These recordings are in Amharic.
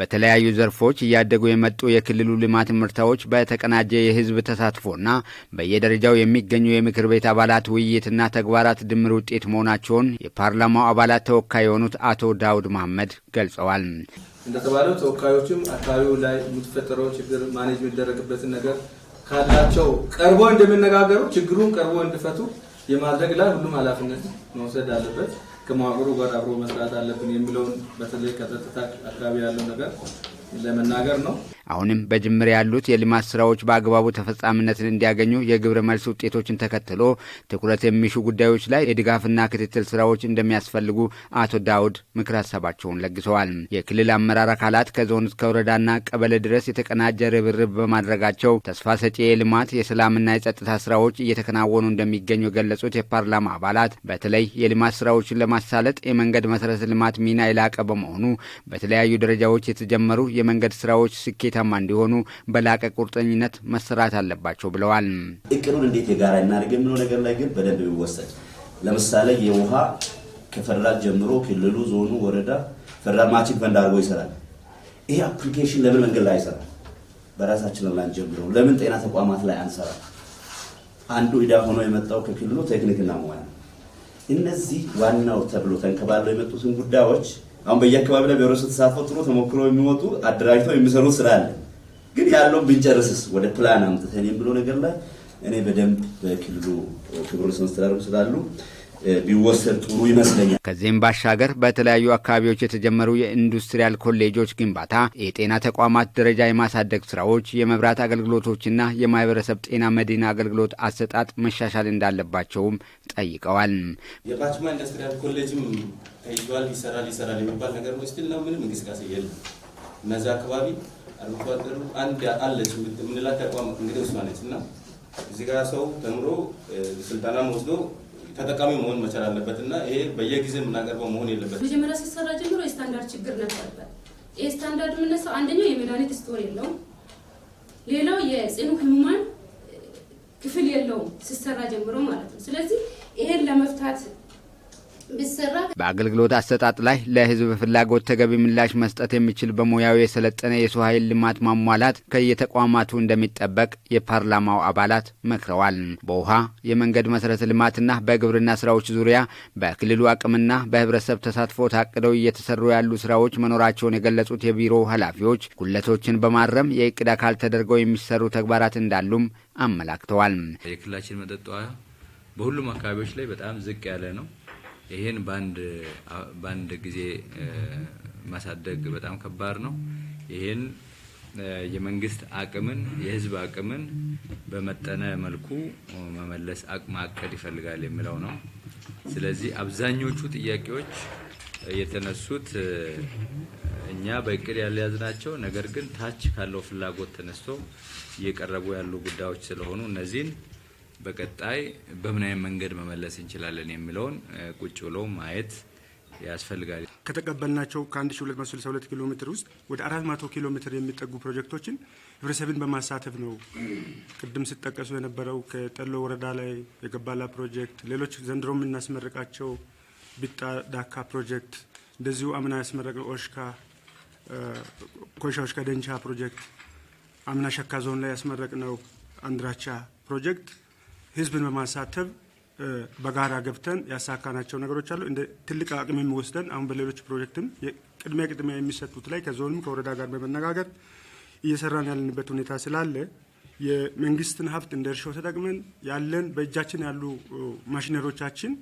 በተለያዩ ዘርፎች እያደጉ የመጡ የክልሉ ልማት ምርታዎች በተቀናጀ የህዝብ ተሳትፎና በየደረጃው የሚገኙ የምክር ቤት አባላት ውይይትና ተግባራት ድምር ውጤት መሆናቸውን የፓርላማው አባላት ተወካይ የሆኑት አቶ ዳውድ መሐመድ ገልጸዋል። እንደተባለው ተወካዮችም አካባቢው ላይ የምትፈጠረው ችግር ማኔጅ የሚደረግበትን ነገር ካላቸው ቀርቦ እንደሚነጋገሩ ችግሩን ቀርቦ እንዲፈቱ የማድረግ ላይ ሁሉም ኃላፊነት መውሰድ አለበት። ከመዋቅሩ ጋር አብሮ መስራት አለብን የሚለውን በተለይ ከጸጥታ አካባቢ ያለው ነገር ለመናገር ነው። አሁንም በጅምር ያሉት የልማት ስራዎች በአግባቡ ተፈጻሚነትን እንዲያገኙ የግብረ መልስ ውጤቶችን ተከትሎ ትኩረት የሚሹ ጉዳዮች ላይ የድጋፍና ክትትል ስራዎች እንደሚያስፈልጉ አቶ ዳውድ ምክር ሀሳባቸውን ለግሰዋል። የክልል አመራር አካላት ከዞን እስከ ወረዳና ቀበሌ ድረስ የተቀናጀ ርብርብ በማድረጋቸው ተስፋ ሰጪ የልማት የሰላምና የጸጥታ ስራዎች እየተከናወኑ እንደሚገኙ የገለጹት የፓርላማ አባላት በተለይ የልማት ስራዎችን ለማሳለጥ የመንገድ መሰረተ ልማት ሚና የላቀ በመሆኑ በተለያዩ ደረጃዎች የተጀመሩ የመንገድ ስራዎች ስኬት ውጤታማ እንዲሆኑ በላቀ ቁርጠኝነት መሰራት አለባቸው ብለዋል። እቅዱን እንዴት የጋራ እናድርግ የምለው ነገር ላይ ግን በደንብ ይወሰድ። ለምሳሌ የውሃ ከፌደራል ጀምሮ ክልሉ፣ ዞኑ፣ ወረዳ ፌደራል ማችን ፈንድ አድርጎ ይሰራል። ይሄ አፕሊኬሽን ለምን መንገድ ላይ አይሰራም? በራሳችን ለምን ጀምረው ለምን ጤና ተቋማት ላይ አንሰራም? አንዱ ዕዳ ሆኖ የመጣው ከክልሉ ቴክኒክና ሙያ ነው። እነዚህ ዋናው ተብሎ ተንከባለው የመጡትን ጉዳዮች አሁን በየአካባቢ ላይ በህብረተሰብ ተሳትፎ ጥሩ ተሞክሮ የሚወጡ አደራጅተው የሚሰሩ ስራ አለ። ግን ያለው ብንጨርስስ ወደ ፕላን አምጥተን የምለው ነገር ላይ እኔ በደንብ በክልሉ ክብሩ ስንስተራሩ ስላሉ ቢወሰድ ጥሩ ይመስለኛል። ከዚህም ባሻገር በተለያዩ አካባቢዎች የተጀመሩ የኢንዱስትሪያል ኮሌጆች ግንባታ፣ የጤና ተቋማት ደረጃ የማሳደግ ስራዎች፣ የመብራት አገልግሎቶችና የማህበረሰብ ጤና መድህን አገልግሎት አሰጣጥ መሻሻል እንዳለባቸውም ጠይቀዋል። የባችማ ኢንዱስትሪያል ኮሌጅም ተይዟል። ይሰራል ይሰራል የሚባል ነገር ስትል ነው። ምንም እንቅስቃሴ የለም። እነዚ አካባቢ አርብቶ አደሩ አንድ አለች የምንላት ተቋም እንግዲህ እሷ ነች እና እዚህ ጋር ሰው ተምሮ ስልጠና ወስዶ ተጠቃሚ መሆን መቻል አለበት እና ይሄ በየጊዜ የምናቀርበው መሆን የለበት። መጀመሪያ ሲሰራ ጀምሮ የስታንዳርድ ችግር ነበርበት። ይህ ስታንዳርድ የምነሳው አንደኛው የመድኃኒት ስቶር የለውም፣ ሌላው የጽኑ ህሙማን ክፍል የለውም ሲሰራ ጀምሮ ማለት ነው። ስለዚህ ይሄን ለመፍታት በአገልግሎት አሰጣጥ ላይ ለህዝብ ፍላጎት ተገቢ ምላሽ መስጠት የሚችል በሙያው የሰለጠነ የሰው ኃይል ልማት ማሟላት ከየተቋማቱ እንደሚጠበቅ የፓርላማው አባላት መክረዋል። በውሃ የመንገድ መሰረተ ልማትና በግብርና ስራዎች ዙሪያ በክልሉ አቅምና በህብረተሰብ ተሳትፎ ታቅደው እየተሰሩ ያሉ ስራዎች መኖራቸውን የገለጹት የቢሮ ኃላፊዎች ጉለቶችን በማረም የእቅድ አካል ተደርገው የሚሰሩ ተግባራት እንዳሉም አመላክተዋል። የክልላችን መጠጥ ውሃ በሁሉም አካባቢዎች ላይ በጣም ዝቅ ያለ ነው። ይሄን በአንድ ጊዜ ማሳደግ በጣም ከባድ ነው። ይሄን የመንግስት አቅምን የህዝብ አቅምን በመጠነ መልኩ መመለስ አቅም አቀድ ይፈልጋል የሚለው ነው። ስለዚህ አብዛኞቹ ጥያቄዎች የተነሱት እኛ በእቅድ ያልያዝናቸው ነገር ግን ታች ካለው ፍላጎት ተነስቶ እየቀረቡ ያሉ ጉዳዮች ስለሆኑ እነዚህን በቀጣይ በምን አይነት መንገድ መመለስ እንችላለን የሚለውን ቁጭ ብሎ ማየት ያስፈልጋል። ከተቀበልናቸው ከ1262 ኪሎ ሜትር ውስጥ ወደ 400 ኪሎ ሜትር የሚጠጉ ፕሮጀክቶችን ህብረተሰብን በማሳተፍ ነው። ቅድም ሲጠቀሱ የነበረው ከጠሎ ወረዳ ላይ የገባላ ፕሮጀክት፣ ሌሎች ዘንድሮ የምናስመረቃቸው ቢጣ ዳካ ፕሮጀክት፣ እንደዚሁ አምና ያስመረቅነው ኦሽካ ኮይሻ ኦሽካ ደንቻ ፕሮጀክት፣ አምና ሸካ ዞን ላይ ያስመረቅነው አንድራቻ ፕሮጀክት ህዝብን በማሳተብ በጋራ ገብተን ያሳካናቸው ነገሮች አሉ። እንደ ትልቅ አቅም የሚወስደን አሁን በሌሎች ፕሮጀክትም ቅድሚያ ቅድሚያ የሚሰጡት ላይ ከዞንም ከወረዳ ጋር በመነጋገር እየሰራን ያለንበት ሁኔታ ስላለ የመንግስትን ሀብት እንደ እርሻው ተጠቅመን ያለን በእጃችን ያሉ ማሽነሮቻችን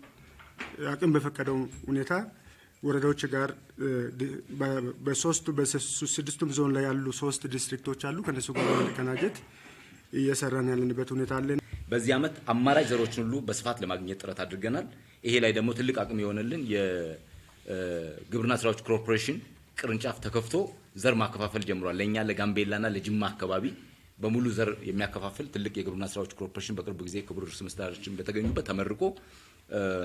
አቅም በፈቀደው ሁኔታ ወረዳዎች ጋር በሶስቱ በስድስቱም ዞን ላይ ያሉ ሶስት ዲስትሪክቶች አሉ። ከነሱ ጋር በመቀናጀት እየሰራን ያለንበት ሁኔታ አለን። በዚህ ዓመት አማራጭ ዘሮችን ሁሉ በስፋት ለማግኘት ጥረት አድርገናል። ይሄ ላይ ደግሞ ትልቅ አቅም የሆነልን የግብርና ስራዎች ኮርፖሬሽን ቅርንጫፍ ተከፍቶ ዘር ማከፋፈል ጀምሯል። ለእኛ ለጋምቤላና ለጅማ አካባቢ በሙሉ ዘር የሚያከፋፍል ትልቅ የግብርና ስራዎች ኮርፖሬሽን በቅርብ ጊዜ ክቡር ርዕሰ መስተዳድራችን በተገኙበት ተመርቆ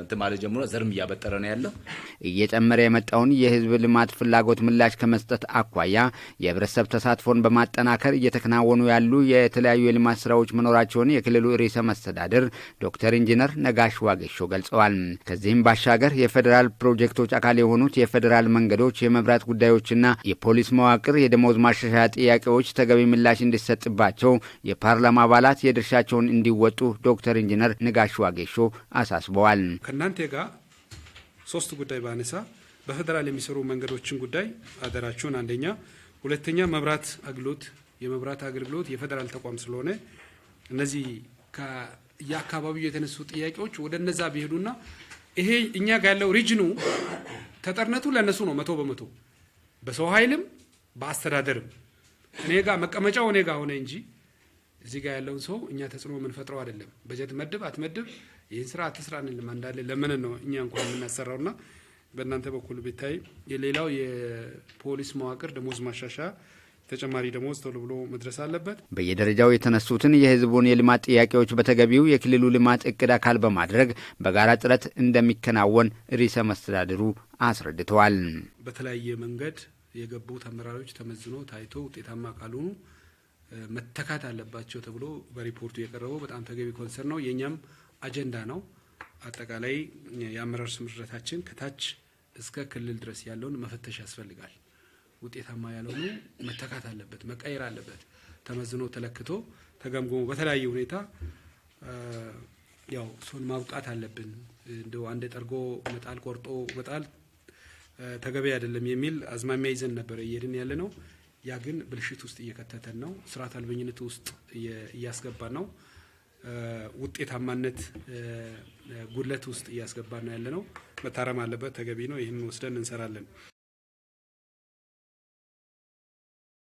እንትን ማለት ጀምሮ ዘርም እያበጠረ ነው ያለው። እየጨመረ የመጣውን የህዝብ ልማት ፍላጎት ምላሽ ከመስጠት አኳያ የህብረተሰብ ተሳትፎን በማጠናከር እየተከናወኑ ያሉ የተለያዩ የልማት ስራዎች መኖራቸውን የክልሉ ርዕሰ መስተዳድር ዶክተር ኢንጂነር ነጋሽ ዋጌሾ ገልጸዋል። ከዚህም ባሻገር የፌዴራል ፕሮጀክቶች አካል የሆኑት የፌዴራል መንገዶች፣ የመብራት ጉዳዮችና የፖሊስ መዋቅር የደሞዝ ማሻሻያ ጥያቄዎች ተገቢ ምላሽ እንዲሰጥባቸው የፓርላማ አባላት የድርሻቸውን እንዲወጡ ዶክተር ኢንጂነር ነጋሽ ዋጌሾ አሳስበዋል። ተናግረዋል። ከእናንተ ጋር ሶስት ጉዳይ ባነሳ በፌዴራል የሚሰሩ መንገዶችን ጉዳይ አደራችሁን፣ አንደኛ፣ ሁለተኛ መብራት አገልግሎት የመብራት አገልግሎት የፌዴራል ተቋም ስለሆነ እነዚህ የአካባቢው የተነሱ ጥያቄዎች ወደ እነዛ ቢሄዱና ይሄ እኛ ጋር ያለው ሪጅኑ ተጠርነቱ ለእነሱ ነው መቶ በመቶ በሰው ኃይልም በአስተዳደርም እኔ ጋር መቀመጫው እኔ ጋር ሆነ እንጂ እዚህ ጋር ያለውን ሰው እኛ ተጽዕኖ የምንፈጥረው አይደለም። በጀት መድብ አትመድብ ይህን ስራ አትስራ እንልም እንዳለ ለምን ነው እኛ እንኳን የምናሰራው ና በእናንተ በኩል ቢታይ የሌላው የፖሊስ መዋቅር ደሞዝ ማሻሻ ተጨማሪ ደሞዝ ቶሎ ብሎ መድረስ አለበት። በየደረጃው የተነሱትን የህዝቡን የልማት ጥያቄዎች በተገቢው የክልሉ ልማት እቅድ አካል በማድረግ በጋራ ጥረት እንደሚከናወን ርዕሰ መስተዳድሩ አስረድተዋል። በተለያየ መንገድ የገቡት አመራሮች ተመዝኖ ታይቶ ውጤታማ ካልሆኑ መተካት አለባቸው ተብሎ በሪፖርቱ የቀረበው በጣም ተገቢ ኮንሰር ነው የእኛም አጀንዳ ነው። አጠቃላይ የአመራር ስምረታችን ከታች እስከ ክልል ድረስ ያለውን መፈተሽ ያስፈልጋል። ውጤታማ ያልሆኑ መተካት አለበት፣ መቀየር አለበት። ተመዝኖ ተለክቶ ተገምግሞ በተለያየ ሁኔታ ያው ሰውን ማብቃት አለብን። እንደው አንድ ጠርጎ መጣል ቆርጦ መጣል ተገቢ አይደለም የሚል አዝማሚያ ይዘን ነበር እየሄድን ያለ ነው። ያ ግን ብልሽት ውስጥ እየከተተን ነው። ስርዓት አልበኝነት ውስጥ እያስገባን ነው። ውጤታማነት ጉድለት ውስጥ እያስገባና ያለ ነው። መታረም አለበት፣ ተገቢ ነው። ይህንን ወስደን እንሰራለን።